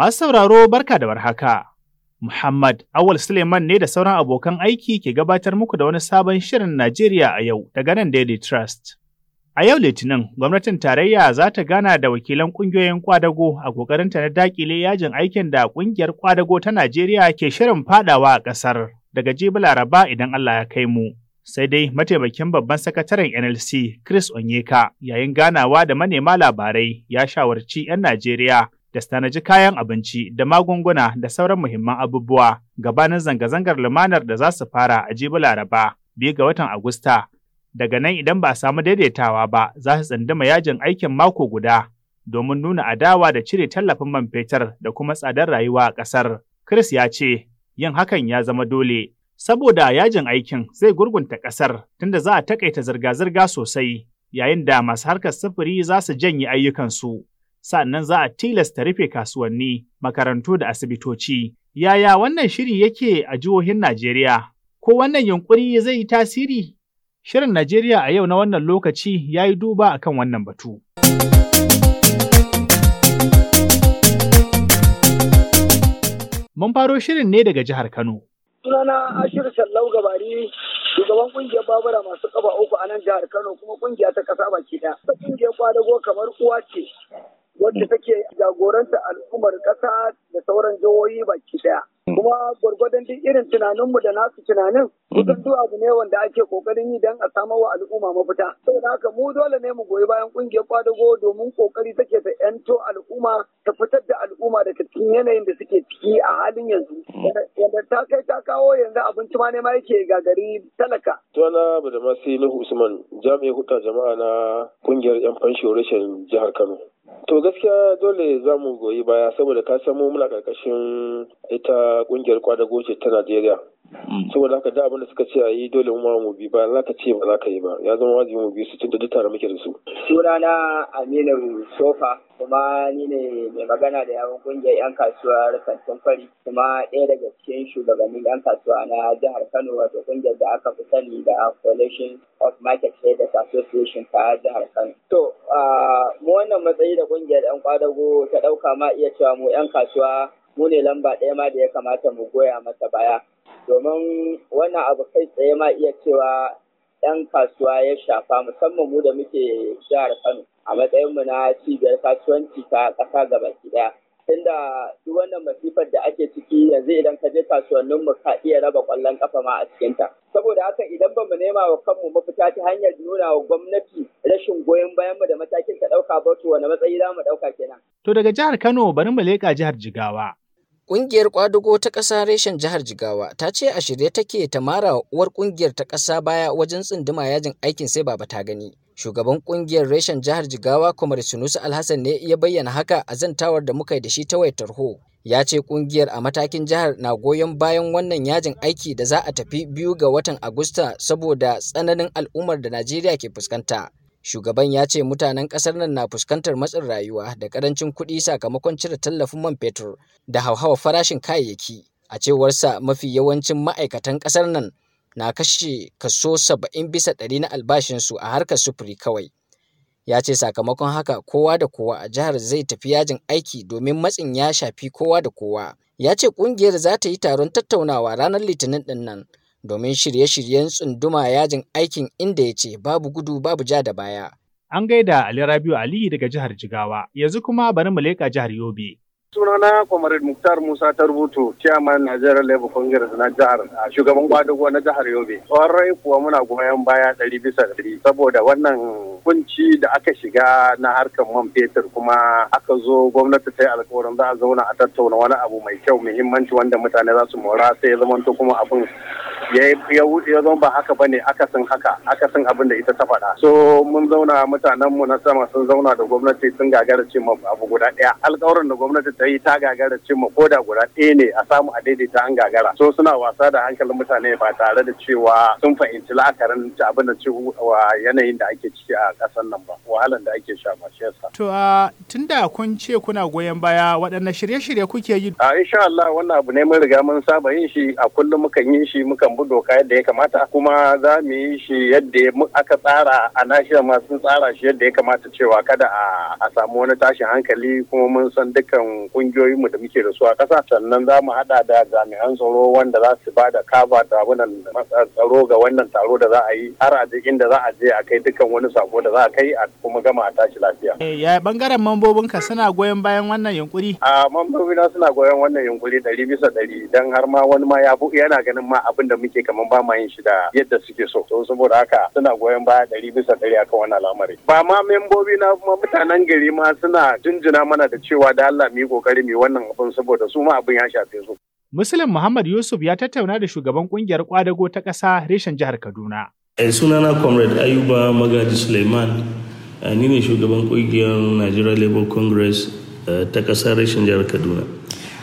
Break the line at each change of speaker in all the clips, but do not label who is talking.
Masu sauraro barka da warhaka. Muhammad Awal Suleiman ne da sauran abokan aiki ke gabatar muku da wani sabon shirin Najeriya a yau daga nan Daily Trust. A yau Litinin, gwamnatin tarayya za ta gana da wakilan ƙungiyoyin kwadago a ƙoƙarinta na dakile yajin aikin da ƙungiyar kwadago ta Najeriya ke shirin fadawa a ƙasar daga jibi Laraba idan Allah ya kai mu. Sai dai mataimakin babban sakataren NLC Chris Onyeka yayin ganawa da manema labarai ya shawarci 'yan Najeriya da tanaji kayan abinci da magunguna da sauran muhimman abubuwa gabanin zanga-zangar lumanar da za su fara a jibi Laraba biyu ga watan Agusta. Daga nan idan ba a samu daidaitawa ba za su tsandama yajin aikin mako guda domin nuna adawa da cire tallafin man fetur da kuma tsadar rayuwa a ƙasar. Chris ya ce yin hakan ya zama dole saboda yajin aikin zai gurgunta ƙasar tunda za a takaita zirga-zirga sosai yayin da masu harkar sufuri za su janye ayyukansu. sannan za a tilasta rufe kasuwanni, makarantu da asibitoci. Yaya wannan shiri yake a jihohin Najeriya? Ko wannan yunƙuri zai yi tasiri? Shirin Najeriya a yau na wannan lokaci ya yi duba a kan wannan batu. Mun faro shirin ne daga jihar Kano.
Sunana Ashir Sallau Gabari shugaban kungiyar babura masu kaba uku a nan jihar Kano kuma kungiya ta kasa baki ɗaya. Kungiyar kwadago kamar uwa ce wadda take jagoranta al'ummar ƙasa da sauran jihohi baki daya. Hmm. Kuma gwargwadon duk irin tunaninmu da nasu tunanin, hmm. kusan duk abu ne wanda ake kokarin yi don a samar wa al'umma mafita. Sau da haka mu dole ne mu goyi bayan ƙungiyar kwadago domin kokari take ta 'yanto al'umma ta fitar da al'umma daga cikin yanayin da suke ciki a halin yanzu. Yadda hmm. ta kai ta kawo yanzu abinci ma ne ma yake gagari talaka.
Tuna Badamasi Nuhu Usman, jami'in huta jama'a na kungiyar 'yan fansho rashin jihar Kano. To gaskiya dole za mu goyi baya saboda ka samu muna karkashin ita kungiyar kwadago goce ta Najeriya. Mm. Saboda haka da abin suka ce a yi dole mu mu bi ba za ka ce ba za ka yi ba ya zama wajibi mu bi
su tunda duk tare muke da su. Sunana Aminu Sofa kuma ni ne mai magana da yawon kungiyar 'yan kasuwar kantin kwari kuma ɗaya daga cikin shugabannin 'yan kasuwa na jihar Kano wato kungiyar da aka fi sani da Coalition of Market Traders Association ta jihar Kano. To wannan matsayi da kungiyar 'yan kwadago ta ɗauka ma iya cewa mu 'yan kasuwa mu ne lamba ɗaya ma da ya kamata mu goya masa baya domin wannan abu kai tsaye ma iya cewa 'yan kasuwa ya shafa musamman mu da muke jihar kano a matsayinmu na cibiyar kasuwanci ta ƙasa gabaki ɗaya inda duk wannan masifar da ake ciki yanzu idan ka je kasuwannin mu ka iya raba kwallon kafa ma a cikin saboda haka idan ba mu nema wa kanmu mafita ta hanyar nuna wa gwamnati rashin goyon bayan mu da matakin ta dauka ba to wani matsayi za mu dauka kenan
to daga jihar Kano bari mu leka jihar Jigawa Ƙungiyar ƙwadugo ta ƙasa reshen jihar Jigawa ta ce a shirye take ta marawa uwar ƙungiyar ta ƙasa baya wajen tsinduma yajin aikin sai baba ta gani. Shugaban kungiyar reshen jihar Jigawa Kwamar Sunusu Alhassan ne ya bayyana haka a zantawar da muka yi da shi ta wayar tarho. Ya ce kungiyar a matakin jihar na goyon bayan wannan yajin aiki da za a tafi biyu ga watan Agusta saboda tsananin al'ummar da Najeriya ke fuskanta. Shugaban ya ce mutanen ƙasar nan na fuskantar matsin rayuwa da karancin kuɗi sakamakon cire tallafin man fetur da hauhawar farashin kayayyaki. A cewarsa mafi yawancin ma'aikatan ƙasar nan na kashe kaso saba'in bisa ɗari na albashinsu a harkar sufuri kawai. Ya ce sakamakon haka kowa da kowa a jihar zai tafi yajin aiki domin matsin ya shafi kowa da kowa. Ya ce ƙungiyar za ta yi taron tattaunawa ranar Litinin ɗin nan domin shirye-shiryen tsunduma yajin aikin inda ya ce babu gudu babu ja da baya.
An gaida Ali Rabiu Aliyu daga jihar Jigawa, yanzu kuma bari mu leƙa jihar
Yobe.
sunana kwamarin muktar musa ta rubutu chairman Najeriya labour congress na jihar a shugaban kwadago na jihar yobe kwarai kuwa muna goyon baya ɗari bisa ɗari saboda wannan kunci da aka shiga na harkar man fetur kuma aka zo gwamnati ta yi alkawarin za a zauna a tattauna wani abu mai kyau muhimmanci wanda mutane za su mora sai ya zamanto kuma abin ya zama ba haka bane san haka aka san abin da ita ta faɗa so mun zauna mutanen mu na sama sun zauna da gwamnati sun gagara cimma abu guda ɗaya alƙawarin da gwamnati ta yi ta gagara ce ko koda guda ɗaya ne a samu a daidaita an gagara so suna wasa da hankalin mutane ba tare da cewa sun fahimci la'akarin abin da wa yanayin da ake ciki a ƙasar nan ba wahalan da ake sha ba shi yasa
to a tunda kun ce kuna goyon baya waɗanne shirye-shirye kuke yi
a insha Allah wannan abu ne mun riga mun saba yin shi a kullum mukan yin shi mukan bi doka yadda ya kamata kuma za mu yi shi yadda aka tsara a nashiyar ma sun tsara shi yadda ya kamata cewa kada a samu wani tashin hankali kuma mun san dukkan kungiyoyinmu da muke da su a ƙasa sannan za mu haɗa da jami'an tsaro wanda za su ba da kaba da wannan tsaro ga wannan taro da za a yi har a jikin da za a je a kai dukkan wani sako da za a kai a kuma gama a tashi lafiya.
Eh, ya bangaren mambobinka suna goyon bayan wannan
yunkuri? a mambobina suna goyon wannan yunkuri ɗari bisa ɗari don har ma wani ma ya yana ganin ma abin da muke suke kamar ba ma yin shi da yadda suke so to saboda haka suna goyon baya ɗari bisa ɗari akan wannan al'amari ba ma membobi na kuma mutanen gari ma suna jinjina mana da cewa da Allah mu yi kokari mu wannan abin saboda su ma abin ya shafe su
Muslim Muhammad Yusuf ya tattauna da shugaban kungiyar kwadago ta kasa reshen jihar Kaduna.
Eh, sunana Comrade Ayuba Magaji Suleiman eh, ni ne shugaban kungiyar Nigeria Labour Congress eh, ta ƙasa reshen jihar Kaduna.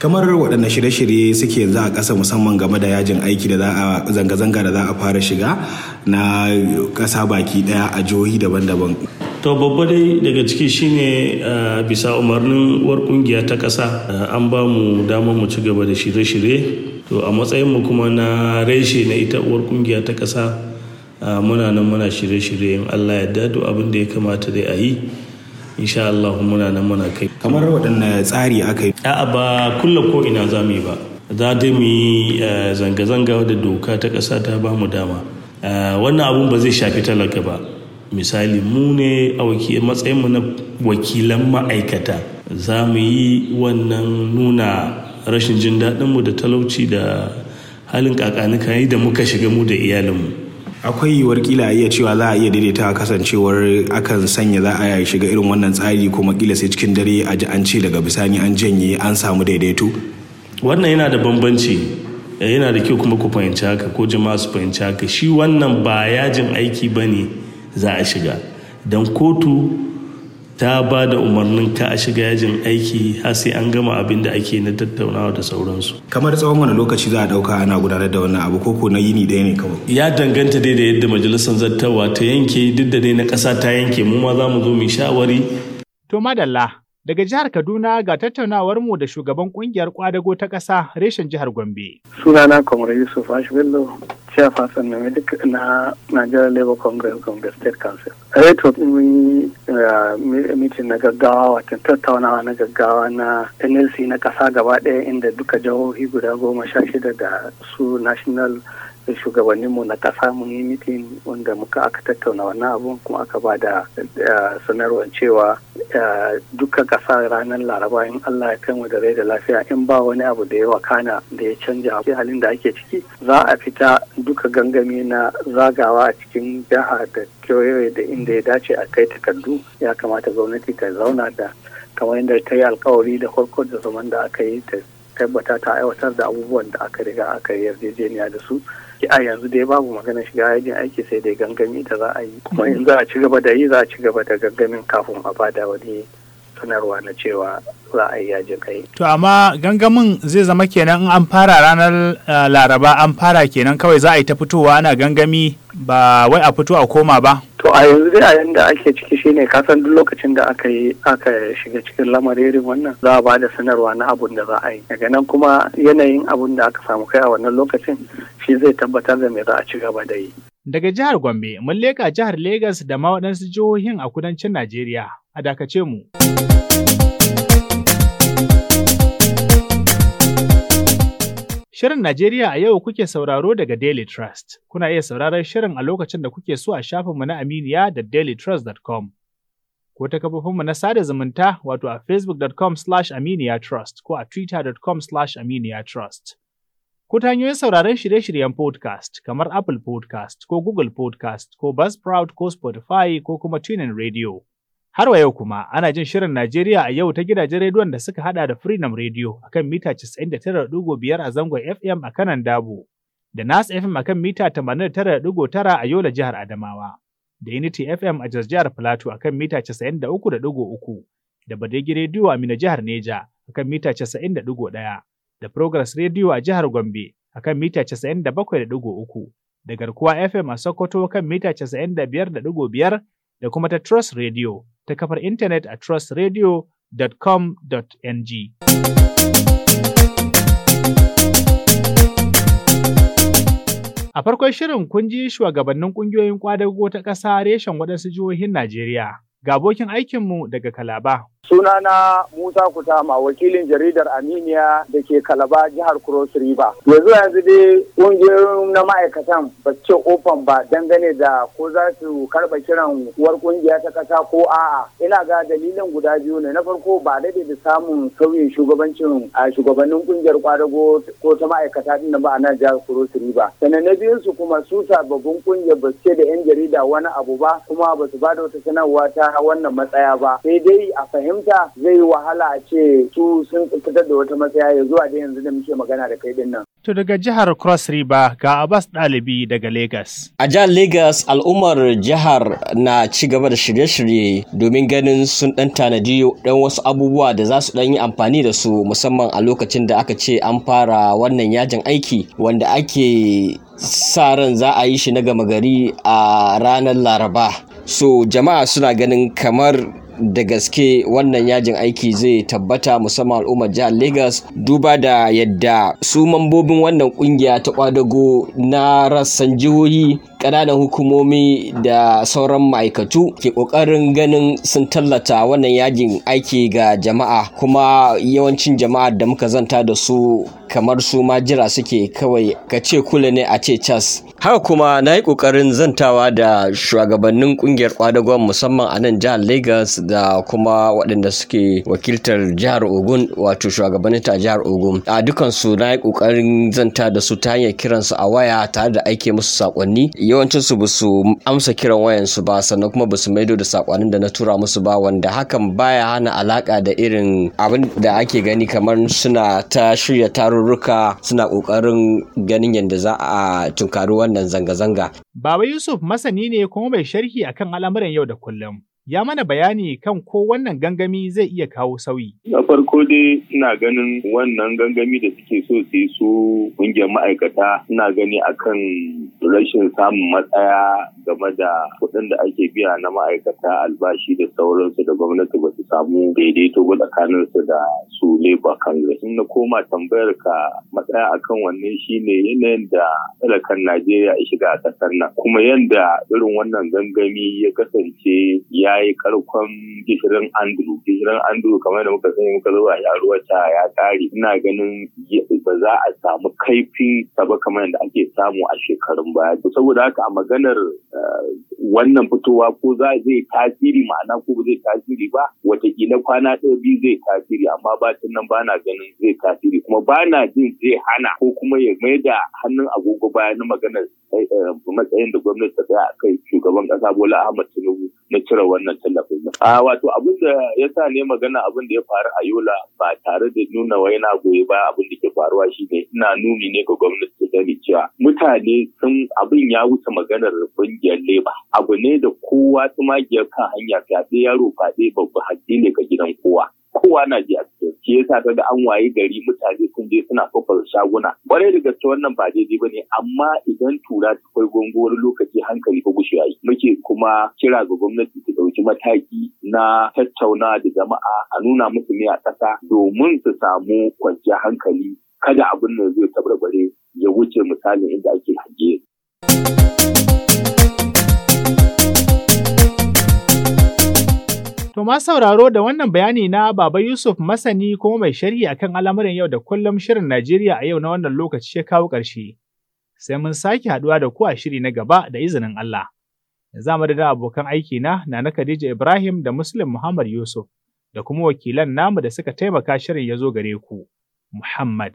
kamar waɗanne shirye-shirye suke yanzu a ƙasa musamman game da yajin aiki da za zanga-zanga da za a fara shiga na ƙasa baki ɗaya a jihohi daban-daban to babba dai daga ciki shine bisa umarnin war kungiya ta ƙasa an ba mu damar mu ci gaba da shirye-shirye to a matsayinmu kuma na reshe na ita uwar kungiya ta ƙasa muna nan muna shirye-shirye in allah ya dadu abin da ya kamata dai a yi insha Allah muna nan muna kai kamar waɗanne tsari aka yi a'a ba kulle ko ina za mu yi ba za ta mu yi eh, zanga-zanga da doka ta ƙasa ta ba mu dama eh, wannan abun ba zai shafi talaka ba misali mu ne a mu na wakilan ma'aikata za mu yi wannan nuna rashin jin daɗinmu da talauci da halin kakanika da muka shiga mu da iyalinmu akwai yiwuwar kila a iya cewa za a iya daidaita kasancewar akan sanya za a shiga irin wannan tsari kuma kila sai cikin dare a ji an ce daga bisani an janye an samu daidaito wannan yana da bambanci eh, yana da kyau kuma ku fahimci haka ko jama'a su fahimci haka shi wannan ba yajin aiki ba za a shiga don kotu ta ba da umarnin ka a shiga yajin aiki har sai an gama abin da ake na tattaunawa da sauransu kamar tsawon wani lokaci za a dauka ana gudanar da wannan abu ko na yini ɗaya ne kawai ya danganta dai da yadda majalisar zattawa ta yanke duk da dai na ƙasa ta yanke mu ma za mu zo mu shawari
to madalla Daga jihar Kaduna ga tattaunawar mu da shugaban kungiyar kwadago ta ƙasa reshen jihar Gombe.
Sunana Kwamre Yusuf Ashbello, chairperson na medical na Nigeria Labour Congress Gombe State Council. Reto mun yi uh, mitin na gaggawa wata tattaunawa na gaggawa na NLC na ƙasa gaba ɗaya inda duka jihohi guda goma sha shida da su National shugabannin mu na kasa mun yi mitin wanda muka aka tattauna wannan abun kuma aka ba da eh, sanarwar cewa eh, dukkan kasa ranar laraba in Allah ya kai mu da rai da lafiya in ba wani abu da ya wakana da ya canja halin da ake ciki za a fita duka gangami na zagawa a cikin jiha da kyoyoyi da inda ya dace a kai takardu ya kamata gwamnati ta zauna da kamar yadda ta yi alkawari da farko da zaman da aka yi ta tabbata ta aiwatar da abubuwan da aka riga aka yarjejeniya da su a yanzu dai babu magana shiga yajin aiki sai dai gangami da za a yi kuma in za a ci gaba da yi za a ci gaba da gangamin kafin a bada wani sanarwa na cewa za a yi yajin kai.
To amma gangamin zai zama kenan in an fara ranar eh, laraba an fara kenan kawai za a yi ta fitowa ana gangami ba wai a fito a koma ba.
To a yanzu dai a yanda ake ciki shine kasan duk lokacin da aka yi aka shiga cikin lamarin wannan za a bada sanarwa na abun da za a yi. Daga nan kuma yanayin abun da aka samu kai a wannan lokacin shi zai tabbatar da me za a ci gaba da yi.
Daga jihar Gombe, mun leka jihar Legas da ma waɗansu jihohin a kudancin Najeriya, a dakace mu. Shirin Najeriya a yau kuke sauraro daga Daily Trust. Kuna iya sauraron shirin a lokacin da kuke so a shafinmu na Aminiya da dailytrust.com. Ko ta kafofinmu na sada zumunta wato a facebook.com slash trust ko a twitter.com slash aminiyatrust. Ko ta hanyoyin sauraron shirye-shiryen podcast kamar Apple podcast ko Google podcast ko Buzzsprout ko Spotify ko kuma TuneIn Radio. Har wa yau kuma ana jin shirin Najeriya a yau ta gidajen rediyon da suka hada da Freedom Radio kan mita 99.5 a zangon FM a kanan Dabo, da Nas FM kan mita 89.9 a Yola jihar Adamawa, da Unity FM a Jos jihar Plateau akan mita 93.3, da Badegi Radio a Mina jihar Neja akan mita 90.1, da Progress Radio a jihar Gombe kan mita 97.3, da Garkuwa FM a Sokoto kan mita 95.5 da kuma ta Trust Radio ta kafar intanet a trustradio.com.ng. A farkon shirin kun ji shugabannin ƙungiyoyin ƙwadago ta ƙasa reshen waɗansu jihohin Najeriya. Ga abokin aikinmu daga Kalaba,
Sunana Musa Kutama
wakilin jaridar Aminiya da ke Kalaba jihar Cross River. Yanzu yanzu dai kungiyoyin na ma'aikatan ba ce ofan ba dangane da ko za su karɓa kiran uwar ƙungiya ta ƙasa ko a'a. Ina ga dalilin guda biyu ne na farko ba daɗe da samun sauyin shugabancin a shugabannin ƙungiyar kwadago ko ta ma'aikata din ba a nan jihar Cross River. Sannan na biyun su kuma su sababbin ƙungiyar ba ce da 'yan jarida wani abu ba kuma ba su ba da wata sanarwa ta wannan matsaya ba. Sai dai a fahimta fahimta zai wahala a ce su sun fitar da wata matsaya ya zuwa da yanzu da muke magana da kai dinnan.
To daga jihar Cross River ga
Abbas dalibi daga Lagos.
A jihar Lagos al'ummar jihar na ci gaba da shirye-shirye domin ganin sun ɗan tanadi dan wasu abubuwa da za su ɗan yi amfani da su musamman a lokacin da aka ce an fara wannan yajin aiki wanda ake sa ran za a yi shi na gama gari a ranar Laraba. So jama'a suna ganin kamar da gaske wannan yajin aiki zai tabbata musamman al'ummar jihar Legas duba da yadda su mambobin wannan kungiya ta kwadago na rassan jihohi ƙananan hukumomi da sauran ma'aikatu ke ƙoƙarin ganin sun tallata wannan yajin aiki ga jama'a kuma yawancin jama'a da muka zanta da su kamar su ma jira suke kawai ka ce kula ne a ce cas haka kuma na yi ƙoƙarin zantawa da shugabannin ƙungiyar kwadagon musamman a nan jihar lagos da kuma waɗanda suke wakiltar jihar ogun wato shugabannin ta jihar ogun a dukansu na yi ƙoƙarin zanta da su ta hanyar kiransu a waya tare da aike musu saƙonni yawancinsu su su amsa kiran wayansu ba sannan kuma basu maido da saƙonnin da na tura musu ba wanda hakan baya hana alaƙa da irin abin da ake gani kamar suna ta shirya taro tarurruka suna ƙoƙarin ganin yadda za a tunkari wannan zanga-zanga.
Baba Yusuf masani ne kuma mai sharhi akan al'amuran yau da kullum. ya mana bayani kan ko wannan gangami zai iya kawo sauyi.
Na farko dai ina ganin wannan gangami da suke so su su ƙungiyar ma'aikata ina gani akan rashin samun matsaya game da kuɗin da ake biya na ma'aikata albashi da sauransu da gwamnati ba su samu daidaito ba tsakanin su da su Labour Congress. Na koma tambayar ka matsaya akan wannan shine yanayin da talakan Najeriya ya shiga a ƙasar nan kuma yanda irin wannan gangami ya kasance ya ya yi karkon gishirin andrew gishirin andrew kamar da muka sani muka zuba ya ruwa ta ya kare ina ganin ba za a samu kaifi ta ba kamar da ake samu a shekarun baya saboda haka a maganar eh, wannan fitowa ko za zai tasiri ma'ana ko zai tasiri ba watakila kwana ɗaya biyu zai tasiri amma bacin nan bana ganin zai tasiri kuma bana jin zai hana ko kuma ya mai da hannun agogo baya na maganar eh, eh, matsayin da gwamnati ta tsaya kai shugaban ƙasa Bola Ahmad Tinubu na cire wannan tallafin. A ah, wato abin da ya sa ne magana abin da ya faru a Yola ba tare da nuna wai na goyi ba abin da ke faruwa shine ina nuni ne ga gwamnati gani cewa mutane sun abin ya wuce maganar kungiyar leba abu ne da kowa magiyar kan hanya fyaɗe yaro faɗe babba haƙƙi ne ga gidan kowa kowa na ji a cikin shi yasa ta da an waye gari mutane sun je suna kofar shaguna kwarai da gaske wannan ba daidai ba ne amma idan tura ta kai gongo lokaci hankali ko gushe yayi muke kuma kira ga gwamnati ta ɗauki mataki na tattauna da jama'a a nuna musu ne a ƙasa domin su samu kwanciyar hankali kada abin nan zai tabarbare ya wuce misali inda ake hange.
To ma sauraro da wannan bayani na Baba Yusuf masani kuma mai sharhi akan al'amuran yau da kullum shirin Najeriya a yau na wannan lokaci ya kawo ƙarshe. Sai mun sake haɗuwa da ku a shiri na gaba da izinin Allah. Za mu da abokan aiki na Nana Khadija Ibrahim da Muslim Muhammad Yusuf da kuma wakilan namu da suka taimaka shirin ya zo gare ku. Muhammad